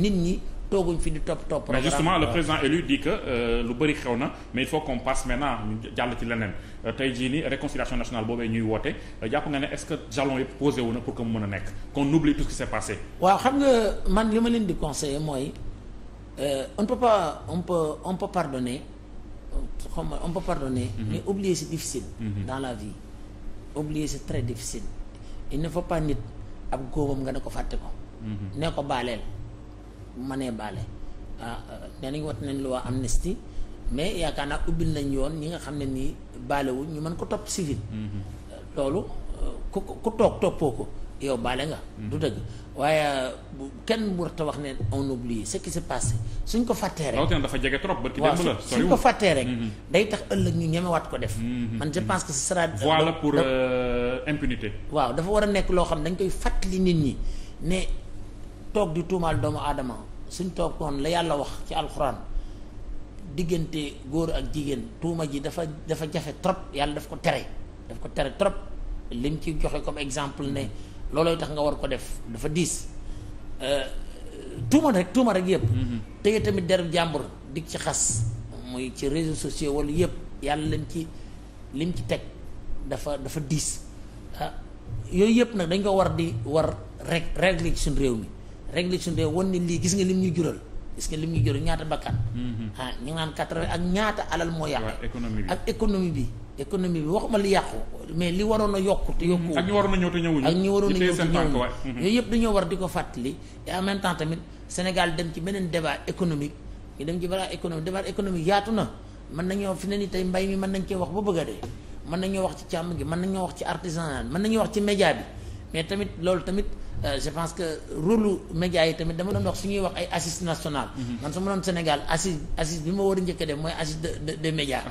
nit ñi tooguñ fi di topp topp. mais justement le président élu dit que euh, lu bëri xew na mais il faut qu'on passe maintenant ñu jàll ci leneen euh, tey jii nii réconciliation nationale boobee ñuy woote euh, jàpp nga ne est-ce que jalon yëpp a nekk qu'on oublie tout ce qui s'est passé. waaw xam nga man li ma leen di conseiller mooy on ne peut pas on peut on peut pardonner xaw ma on pardonner. Mhm. mais oublier c'est difficile. Mhm. dans la vie oublier c'est très difficile. il ne faut pas nit ab góobam nga ne ko fàtte ko. Mhm. ne ko baaleel. mënee baale ah nee euh, nañ wat nañ loi amnistie mais yaakaar naa ubbil nañ yoon ñi nga xam ne nii baalewuñ ñu man ko topp civil. Mhm. loolu ku ku toog toppoo ko yow baale nga. du mhm. dëgg waaye euh, kenn bu ta wax ne on oublie ce qui s'est passé suñ ko fàttee rek. dafa jege trop ba ki dem la suñ ko fàttee rek. Mhm. day tax ëllëg ñu ñemewaat ko def. man je pense que ce sera. Euh, pour impunité. waaw dafa war a nekk loo xam dañ koy fàttali nit ñi ne. toog di tuumaal doomu aadama suñ toog koon la yàlla wax ci alxuraan diggante góor ak jigéen tuuma ji dafa dafa jafe trop yàlla daf ko tere daf ko tere trop lim ci joxe comme exemple ne loolooy tax nga war ko def dafa diis euh, tuuma rek tuuma rek yëpp mm-hmm. tëye tamit derb jàmbur dig ci xas muy ci réseau sociaux wala yëpp yàlla lim ci lim ci teg dafa dafa diis ah yooyu yëpp nag dañ ko war di war rek régler ci suñ réew mi régler suñu dee wan ne lii gis nga lim ñu jural gis nga lim ñu jural ñaata bakkan ah ñu naan quatre ak ñaata alal moo yàq ak économie bi économie bi waxuma li yàqu mais li waroon a yokku te mm-hmm. yokku ak ñu waroon a ñëw te ñëwuñu ak ñu waroon a mm-hmm. yooyu yëpp dañoo war di ko fàttali et en tamit Sénégal dem ci beneen débat économique ñu dem ci débat économique débat économique yaatu na mën nañoo fi ne ni tey mbay mi mën nañ cee wax ba bëgg a dee mën nañoo wax ci càmm gi mën nañoo wax ci artisanat wax ci média bi mais tamit Euh, je pense que rôle média yi tamit dama doon wax su ñuy wax ay assise nationale mm-hmm. man su ma doon Sénégal assise assise bi ma war a njëkk a def mooy assise de de média